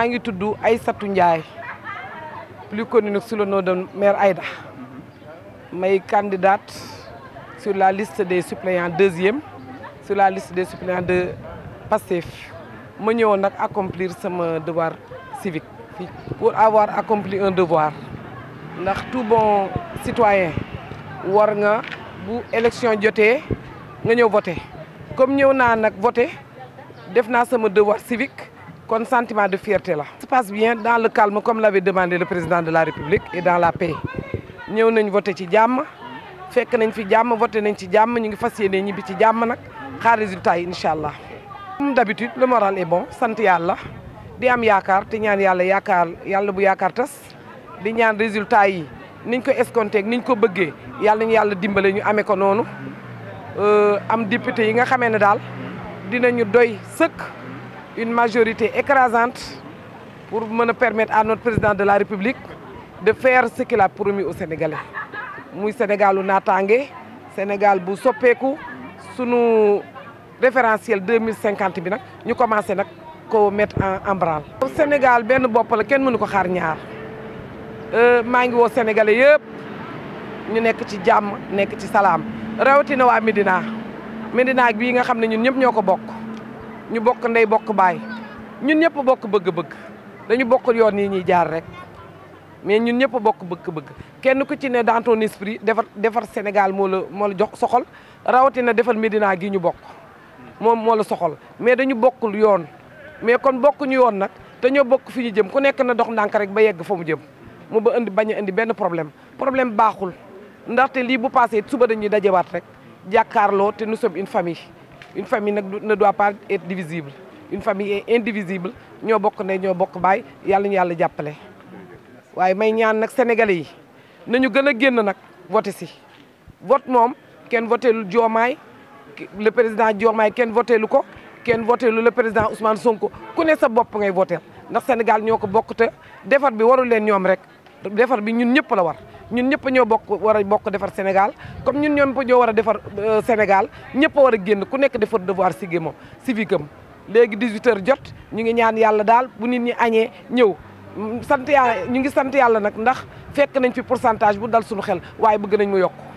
mangi tuddu Aïssatou Ndiaye plus connue sous le nom de mère Aïda may candidate sur la liste des suppléants deuxième sur la liste des suppléants de passifs. ma ñëw nak accomplir sama devoir civique pour avoir accompli un devoir ndax tout bon citoyen war nga bu élection jotee nga ñëw voter comme ñëw na nak voter def naa sama devoir civique kon sentiment de fierté là, ça passe bien dans le calme comme l'avait demandé le président de la République et dans la paix ñëw nañ voté ci jàmm fekk nañ fi jàmm voté nañ ci jàmm ñu ngi fas yéene ñibbi ci jàmm nag xaar résultat comme d'habitude le moral est bon sant yàlla di am yakar te ñaan yalla yakar yalla bu yakar tass di ñaan résultat yi niñ ko escompté niñ ko bëggé yalla ñu yalla dimbalé ñu amé ko euh am député yi nga xamé né dal dinañu doy sëkk une majorité écrasante pour me permettre à notre président de la République de faire ce qu'il a promis aux Sénégalais muy Sénégal, Natangé, Sénégal bu soppeeku sunu référentiel 2050, mille cinquante bi 2050, ñu commençons à ko mettre en branle. Sénégal ben bopp la kenn nous ko xaar ñaar euh, maa ngi woo sénégalais yëpp ñu nekk ci jàmm nekk ci salaam rawatina waa nga xam ne ñun ñëpp ñoo bokk. ñu bokk ndey bokk baay ñun ñëpp bokk bëgg-bëgg dañu bokk yoon yi ñuy jaar rek mais ñun ñëpp bokk bëgg-bëgg kenn ku ci ne dans ton esprit defar defar Sénégal moo la moo jox soxal rawatina defar Médina gi ñu bokk moom moo la soxal mais dañu bokkul yoon mais kon bokkuñu yoon nag te ñoo bokk fi ñu jëm ku nekk na dox ndànk rek ba yegg fa jëm mu ba indi bañ a indi benn problème problème baaxul ndaxte lii bu passé suba dañuy dajewaat rek jàkkaarloo te nous sommes une famille une famille ne doit pas être divisible une famille est indivisible nous bokk ne ñoo bokk faire des ñu Nous jàppale. waaye may ñaan nag sénégalais yi nous voté vote voté Diomaye le président Diomaye qui voté le voté le président Ousmane Sonko ku ne sa voter. ngay voté ndax Sénégal nous ko bokk te vous bi defar bi ñun ñëpp la war ñun ñëpp ñoo bokk war a bokk defar Sénégal comme ñun ñoom ñoo war a defar euh, Sénégal ñëpp a a génn ku nekk defar devoir cigé moom civique kam léegi 18h jot ñu ngi ñaan yàlla daal bu nit ñi añee ñëw mm, sant ñu ngi sant yàlla nag ndax fekk nañ fi pourcentage bu dal suñu xel waaye bëgg nañ mu yokk